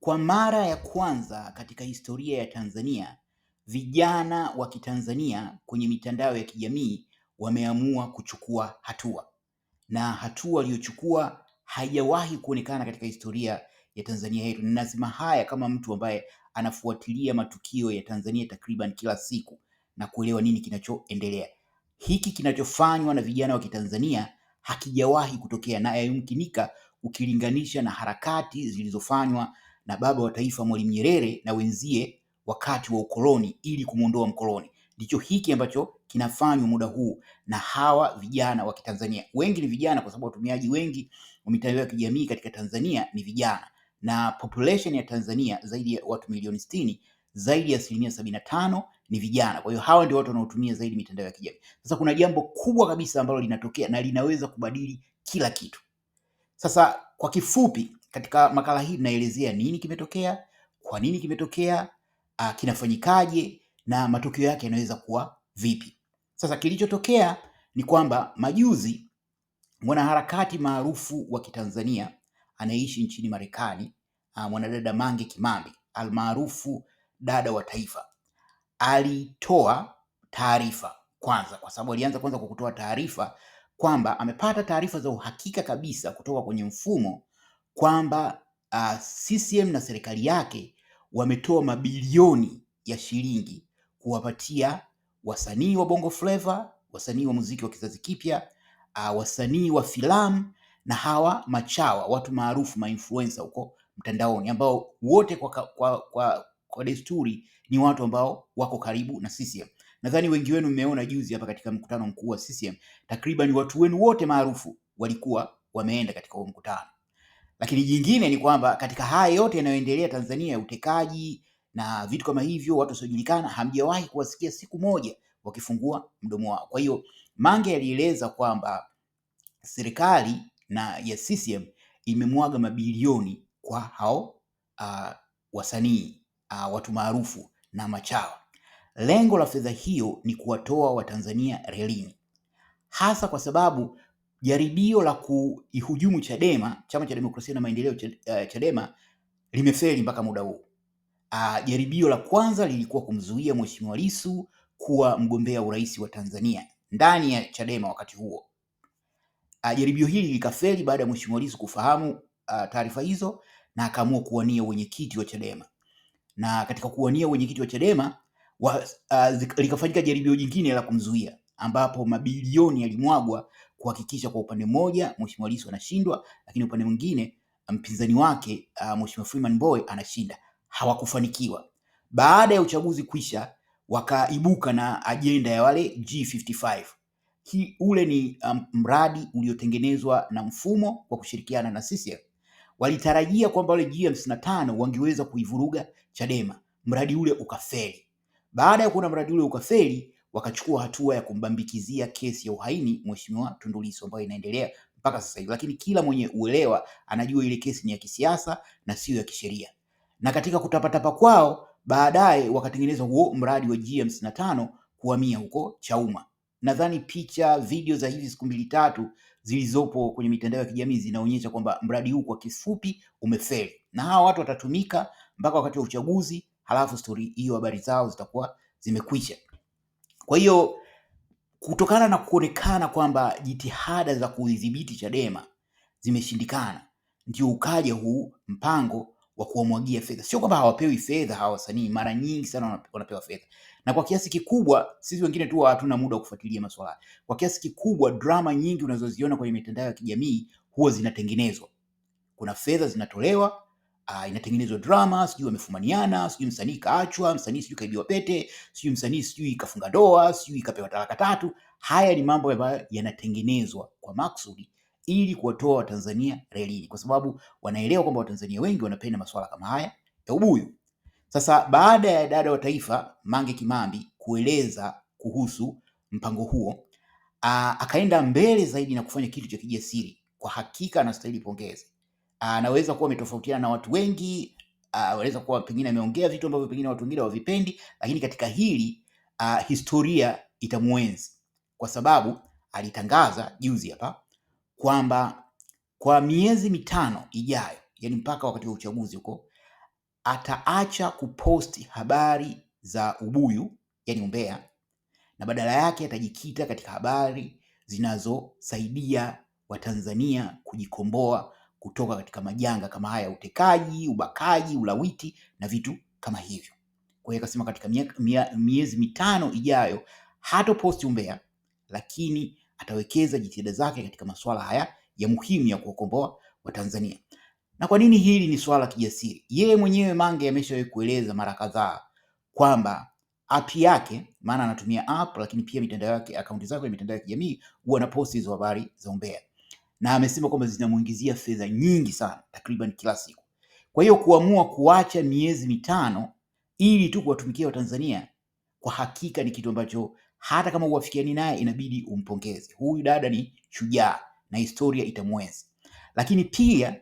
Kwa mara ya kwanza katika historia ya Tanzania, vijana wa Kitanzania kwenye mitandao ya kijamii wameamua kuchukua hatua, na hatua aliyochukua haijawahi kuonekana katika historia ya Tanzania yetu. Ninasema haya kama mtu ambaye anafuatilia matukio ya Tanzania takriban kila siku na kuelewa nini kinachoendelea. Hiki kinachofanywa na vijana wa Kitanzania hakijawahi kutokea na yayumkinika ukilinganisha na harakati zilizofanywa na baba wa taifa Mwalimu Nyerere na wenzie wakati wa ukoloni ili kumwondoa mkoloni. Ndicho hiki ambacho kinafanywa muda huu na hawa vijana wa Kitanzania. Wengi ni vijana kwa sababu watumiaji wengi wa mitandao ya kijamii katika Tanzania ni vijana, na population ya Tanzania zaidi ya watu milioni sitini, zaidi ya asilimia sabini na tano ni vijana. Kwa hiyo hawa ndio watu wanaotumia zaidi mitandao ya kijamii. Sasa kuna jambo kubwa kabisa ambalo linatokea na linaweza kubadili kila kitu. Sasa kwa kifupi, katika makala hii tunaelezea nini kimetokea, kwa nini kimetokea, uh, kinafanyikaje na matokeo yake yanaweza kuwa vipi. Sasa kilichotokea ni kwamba majuzi mwanaharakati maarufu wa Kitanzania anaishi nchini Marekani, uh, mwanadada Mange Kimambi almaarufu dada wa taifa alitoa taarifa kwanza, kwa sababu alianza kwanza kwa kutoa taarifa kwamba amepata taarifa za uhakika kabisa kutoka kwenye mfumo kwamba uh, ah, CCM na serikali yake wametoa mabilioni ya shilingi kuwapatia wasanii wa Bongo Flava, wasanii wa muziki wa kizazi kipya, uh, wasanii wa filamu na hawa machawa, watu maarufu mainfluencer huko mtandaoni, ambao wote kwa, kwa, kwa, kwa desturi ni watu ambao wako karibu na CCM. Nadhani wengi wenu mmeona juzi hapa katika mkutano mkuu wa CCM, takriban watu wenu wote maarufu walikuwa wameenda katika huo mkutano. Lakini jingine ni kwamba katika haya yote yanayoendelea Tanzania ya utekaji na vitu kama hivyo, watu wasiojulikana, hamjawahi kuwasikia siku moja wakifungua mdomo wao. Kwa hiyo Mange alieleza kwamba serikali na ya CCM imemwaga mabilioni kwa hao uh, wasanii uh, watu maarufu na machawa. Lengo la fedha hiyo ni kuwatoa Watanzania relini, hasa kwa sababu jaribio la kuihujumu Chadema, chama cha demokrasia na maendeleo, eh, Chadema limefeli mpaka muda huu. Uh, jaribio la kwanza lilikuwa kumzuia Mheshimiwa Lissu kuwa mgombea urais wa Tanzania ndani ya Chadema wakati huo. Uh, jaribio hili likafeli baada ya Mheshimiwa Lissu kufahamu uh, taarifa hizo na akaamua kuwania wenyekiti wa Chadema. Na katika kuwania wenyekiti wa Chadema wa, uh, likafanyika jaribio jingine la kumzuia ambapo mabilioni yalimwagwa kuhakikisha kwa upande mmoja Mheshimiwa Lissu anashindwa, lakini upande mwingine ah, mpinzani wake uh, Mheshimiwa Freeman Mbowe anashinda. Hawakufanikiwa. Baada ya uchaguzi kuisha, wakaibuka na ajenda ya wale G55. Hii ule ni um, mradi uliotengenezwa na mfumo kwa kushirikiana na CCM. Walitarajia kwamba wale G55 wangeweza kuivuruga Chadema. Mradi ule ukafeli. Baada ya kuona mradi ule ukafeli, wakachukua hatua ya kumbambikizia kesi ya uhaini Mheshimiwa Tundu Lissu ambayo inaendelea mpaka sasa hivi, lakini kila mwenye uelewa anajua ile kesi ni ya kisiasa na sio ya kisheria. Na katika kutapatapa kwao, baadaye wakatengeneza huo mradi wa G55 kuhamia huko Chauma. Nadhani picha video za hizi siku mbili tatu zilizopo kwenye mitandao ya kijamii zinaonyesha kwamba mradi huu kwa kifupi umefeli, na hawa watu watatumika mpaka wakati wa uchaguzi, halafu stori hiyo habari zao zitakuwa zimekwisha. Kwa hiyo kutokana na kuonekana kwamba jitihada za kudhibiti Chadema zimeshindikana, ndio ukaja huu mpango wa kuwamwagia fedha. Sio kwamba hawapewi fedha hawa wasanii, mara nyingi sana wanapewa fedha, na kwa kiasi kikubwa sisi wengine tu hatuna muda wa kufuatilia masuala. Kwa kiasi kikubwa drama nyingi unazoziona kwenye mitandao ya kijamii huwa zinatengenezwa, kuna fedha zinatolewa uh, inatengenezwa drama, sijui wamefumaniana, sijui msanii kaachwa, msanii sijui kaibiwa pete, sijui msanii sijui kafunga ndoa, sijui kapewa talaka tatu. Haya ni mambo ambayo yanatengenezwa kwa maksudi ili kuwatoa Watanzania relini, kwa sababu wanaelewa kwamba Watanzania wengi wanapenda masuala kama haya ya ubuyu. Sasa baada ya dada wa taifa Mange Kimambi kueleza kuhusu mpango huo, ah, akaenda mbele zaidi na kufanya kitu cha kijasiri. Kwa hakika anastahili pongezi. Ah, anaweza kuwa ametofautiana na watu wengi, ah, anaweza kuwa pengine ameongea vitu ambavyo pengine watu wengine hawavipendi, lakini katika hili a, ah, historia itamuenzi kwa sababu alitangaza juzi hapa kwamba kwa miezi mitano ijayo, yani mpaka wakati wa uchaguzi huko, ataacha kuposti habari za ubuyu, yani umbea, na badala yake atajikita katika habari zinazosaidia Watanzania kujikomboa kutoka katika majanga kama haya ya utekaji, ubakaji, ulawiti na vitu kama hivyo. Kwa hiyo akasema katika mie, mie, miezi mitano ijayo hato posti umbea, lakini atawekeza jitihada zake katika masuala haya ya muhimu ya kuwakomboa Watanzania. Na kwa nini hili ni swala kijasiri? Yeye mwenyewe Mange ameshawahi kueleza mara kadhaa kwamba app yake, maana anatumia app, lakini pia mitandao yake, akaunti zake kwenye mitandao ya kijamii huwa na posti hizo habari za umbea na amesema kwamba zinamuingizia fedha nyingi sana takriban kila siku. Kwa hiyo kuamua kuacha miezi mitano ili tu kuwatumikia Watanzania kwa hakika ni kitu ambacho hata kama uwafikiani naye inabidi umpongeze. Huyu dada ni shujaa na historia itamwenzi. Lakini pia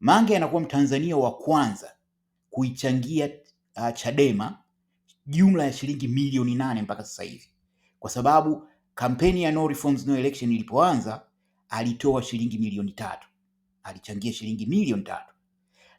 Mange anakuwa Mtanzania wa kwanza kuichangia uh, Chadema jumla ya shilingi milioni nane mpaka sasa hivi, kwa sababu kampeni ya no reforms no election ilipoanza alitoa shilingi milioni tatu, alichangia shilingi milioni tatu.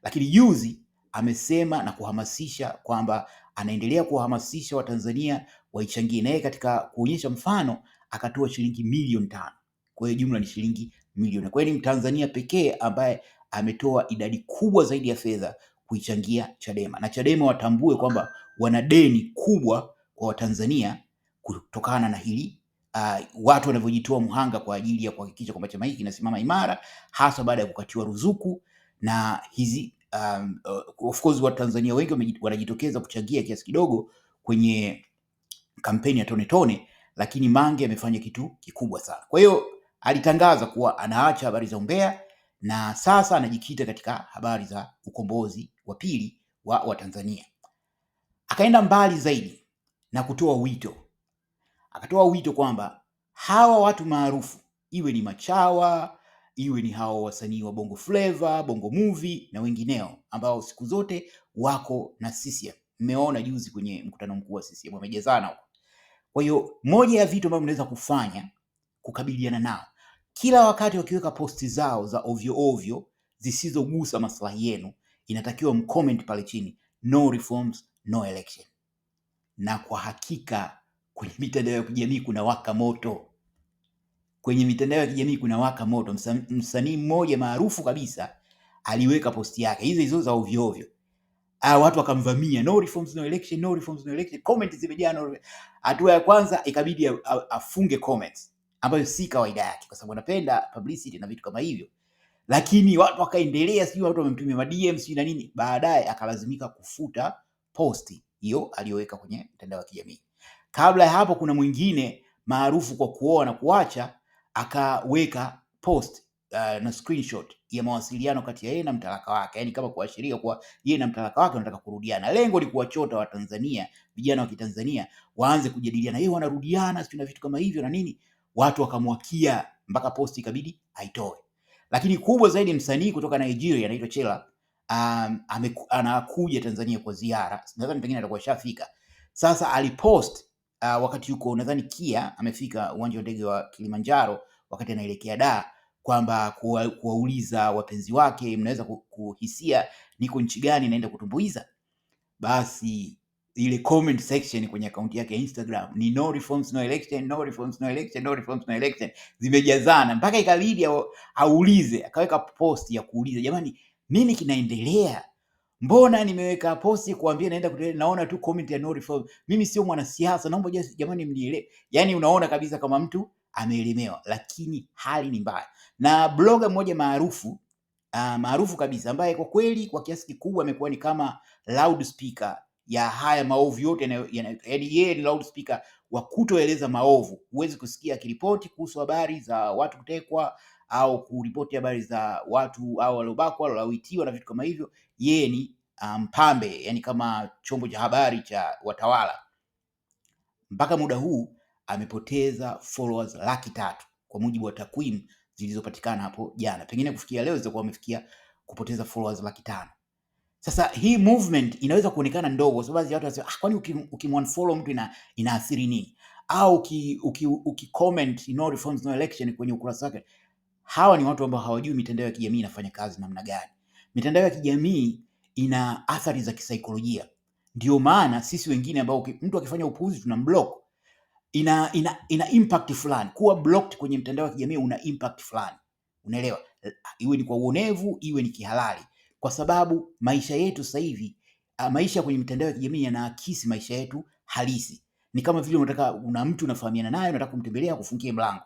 Lakini juzi amesema na kuhamasisha kwamba anaendelea kuwahamasisha Watanzania waichangie, naye katika kuonyesha mfano akatoa shilingi milioni tano. Kwa hiyo jumla ni shilingi milioni. Kwa hiyo ni Mtanzania pekee ambaye ametoa idadi kubwa zaidi ya fedha kuichangia Chadema, na Chadema watambue kwamba wana deni kubwa kwa Watanzania kutokana na hili uh, watu wanavyojitoa mhanga kwa ajili ya kuhakikisha kwamba chama hiki kinasimama imara, hasa baada ya kukatiwa ruzuku na hizi um, uh, of course Watanzania wengi wanajitokeza kuchangia kiasi kidogo kwenye kampeni ya tone tone, lakini Mange amefanya kitu kikubwa sana. Kwa hiyo alitangaza kuwa anaacha habari za umbea na sasa anajikita katika habari za ukombozi wa pili wa Watanzania. Akaenda mbali zaidi na kutoa wito akatoa wito kwamba hawa watu maarufu, iwe ni Machawa, iwe ni hawa wasanii wa Bongo Flava, Bongo Movie na wengineo ambao siku zote wako na sisi. Mmeona juzi kwenye mkutano mkuu wa sisi wamejazana huko. Kwa hiyo moja ya vitu ambavyo mnaweza kufanya kukabiliana nao, kila wakati wakiweka posti zao za ovyo ovyo zisizogusa maslahi yenu, inatakiwa mcomment pale chini, no reforms, no election. Na kwa hakika Kwenye mitandao ya kijamii kuna waka moto, kwenye mitandao ya kijamii kuna waka moto. Msanii mmoja maarufu kabisa aliweka posti yake hizo hizo za ovyo ovyo, ah, watu wakamvamia, no reforms no election, no reforms no election, comment zimejaa no. Hatua ya kwanza ikabidi afunge comments ambayo si kawaida yake, kwa sababu anapenda publicity na vitu kama hivyo, lakini watu wakaendelea, sijui watu wamemtumia ma DM sijui na nini, baadaye akalazimika kufuta posti hiyo aliyoweka kwenye mtandao wa kijamii. Kabla ya hapo, kuna mwingine maarufu kwa kuoa na kuacha akaweka post uh, na screenshot ya mawasiliano kati ya yeye na mtalaka wake, yani kama kuashiria kuwa yeye na mtalaka wake wanataka kurudiana. Lengo ni kuwachota Watanzania, vijana wa Kitanzania waanze kujadiliana, yeye wanarudiana sio na vitu kama hivyo na nini, watu wakamwakia mpaka post ikabidi aitoe. Lakini kubwa zaidi, msanii kutoka Nigeria anaitwa Chela um, anakuja Tanzania kwa ziara, nadhani pengine atakuwa shafika sasa. Alipost uh, wakati yuko nadhani Kia amefika uwanja wa ndege wa Kilimanjaro wakati anaelekea Dar kwamba kuwauliza wapenzi wake, mnaweza kuhisia niko nchi gani naenda kutumbuiza? Basi ile comment section kwenye akaunti yake ya Instagram ni no reforms no election, no reforms no election, no reforms no election, zimejazana mpaka ikabidi aulize, akaweka post ya kuuliza, jamani, nini kinaendelea Mbona nimeweka posti kuambia naenda kuteleza, naona tu comment ya no reform. Mimi sio mwanasiasa, naomba jamani mnielewe. Yaani unaona kabisa kama mtu ameelemewa, lakini hali ni mbaya. Na bloga mmoja maarufu uh, maarufu kabisa ambaye kwa kweli kwa kiasi kikubwa amekuwa ni kama loudspeaker ya haya maovu yote, yani yeye ni loudspeaker wa kutoeleza maovu. Huwezi kusikia akiripoti kuhusu habari za watu kutekwa au kuripoti habari za watu au waliobakwa, waliowitiwa na vitu kama hivyo, yeye ni ah, mpambe um, yani kama chombo cha habari cha watawala. Mpaka muda huu amepoteza followers laki tatu kwa mujibu wa takwimu zilizopatikana hapo jana, pengine kufikia leo zitakuwa wamefikia kupoteza followers laki tano. Sasa hii movement inaweza kuonekana ndogo, kwa sababu watu wanasema ah, kwani ukimfollow uki mtu ina, inaathiri nini? Au ukicomment uki, uki no reforms no election kwenye ukurasa wake hawa ni watu ambao hawajui mitandao ya kijamii inafanya kazi namna gani. Mitandao ya kijamii ina athari za kisaikolojia, ndio maana sisi wengine ambao mtu akifanya upuuzi tuna block. Ina, ina, ina impact fulani. Kuwa blocked kwenye mtandao wa kijamii una impact fulani, unaelewa, iwe ni kwa uonevu, iwe ni kihalali, kwa sababu maisha yetu sasa hivi, maisha kwenye mitandao ya kijamii yanaakisi maisha yetu halisi. Ni kama vile unataka una mtu unafahamiana naye, unataka kumtembelea, kufungie mlango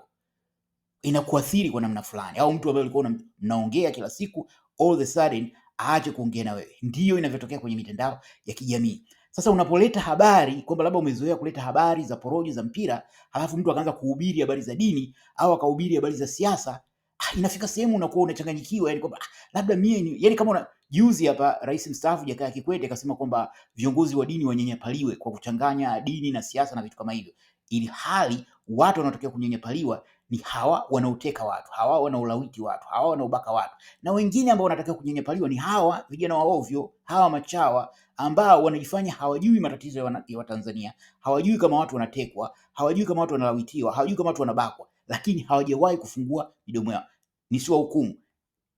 inakuathiri kwa namna fulani, au mtu ambaye ulikuwa mnaongea kila siku all the sudden aache kuongea na wewe. Ndiyo inavyotokea kwenye mitandao ya kijamii. Sasa unapoleta habari kwamba labda umezoea kuleta habari za porojo za mpira, halafu mtu akaanza kuhubiri habari za dini au akahubiri habari za siasa, ah, inafika sehemu unakuwa unachanganyikiwa, yani kwamba ah, labda mie ni yani kama una juzi hapa rais mstaafu Jakaya Kikwete akasema kwamba viongozi wa dini wanyanyapaliwe kwa kuchanganya dini na siasa na vitu kama hivyo, ili hali watu wanaotokea kunyanyapaliwa ni hawa wanaoteka watu, hawa wanaolawiti watu, hawa wanaobaka watu, na wengine ambao wanatakiwa kunyanyapaliwa ni hawa vijana wa ovyo, hawa machawa ambao wanajifanya hawajui matatizo ya Watanzania, hawajui kama watu wanatekwa, hawajui kama watu wanalawitiwa, hawajui kama watu wanabakwa, lakini hawajawahi kufungua midomo yao. Ni hukumu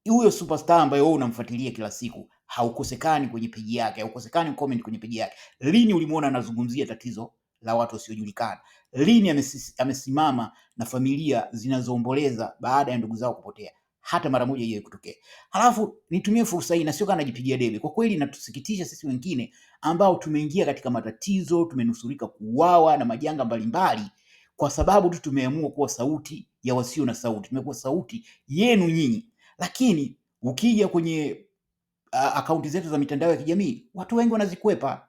huyo superstar ambaye wewe unamfuatilia kila siku haukosekani kwenye peji yake, haukosekani comment kwenye peji yake. Lini ulimuona anazungumzia tatizo la watu wasiojulikana? lini amesimama na familia zinazoomboleza baada ya ndugu zao kupotea? Hata mara moja hiyo ikutokea. Halafu nitumie fursa hii na sio kama najipigia debe, kwa kweli natusikitisha sisi wengine ambao tumeingia katika matatizo, tumenusurika kuuawa na majanga mbalimbali kwa sababu tu tumeamua kuwa sauti ya wasio na sauti, tumekuwa sauti yenu nyinyi. Lakini ukija kwenye akaunti zetu za mitandao ya kijamii, watu wengi wanazikwepa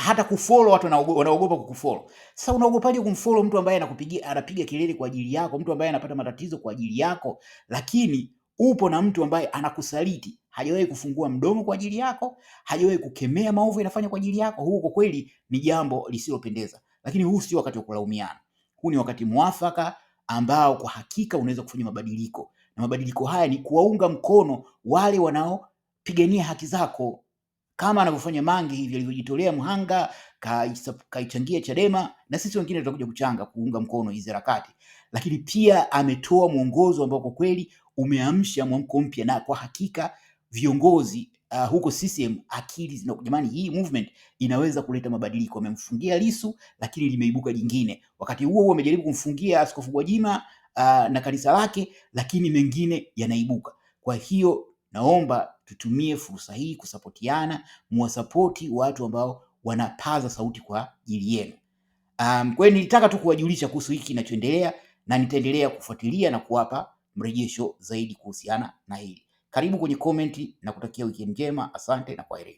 hata kufollow watu wanaogopa kukufollow. Sasa unaogopaje kumfollow mtu ambaye anakupigia anapiga kelele kwa ajili yako, mtu ambaye anapata matatizo kwa ajili yako, lakini upo na mtu ambaye anakusaliti, hajawahi kufungua mdomo kwa ajili yako, hajawahi kukemea maovu inafanya kwa ajili yako. Huu kwa kweli ni jambo lisilopendeza, lakini huu sio wakati wa kulaumiana. Huu ni wakati mwafaka ambao kwa hakika unaweza kufanya mabadiliko, na mabadiliko haya ni kuwaunga mkono wale wanaopigania haki zako kama anavyofanya Mange hivi alivyojitolea mhanga kaichangia Chadema na sisi wengine tutakuja kuchanga kuunga mkono hizi harakati, lakini pia ametoa mwongozo ambao kwa kweli umeamsha mwamko mpya, na kwa hakika viongozi uh, huko CCM akili zina jamani, hii movement inaweza kuleta mabadiliko. Amemfungia Lisu, lakini limeibuka jingine. Wakati huo huo amejaribu kumfungia Askofu Gwajima uh, na kanisa lake, lakini mengine yanaibuka. Kwa hiyo Naomba tutumie fursa hii kusapotiana, muwasapoti watu ambao wanapaza sauti kwa ajili yenu. Um, kwa hiyo nilitaka tu kuwajulisha kuhusu hiki kinachoendelea na nitaendelea kufuatilia na kuwapa mrejesho zaidi kuhusiana na hili. Karibu kwenye komenti na kutakia wikendi njema. Asante na kwaheri.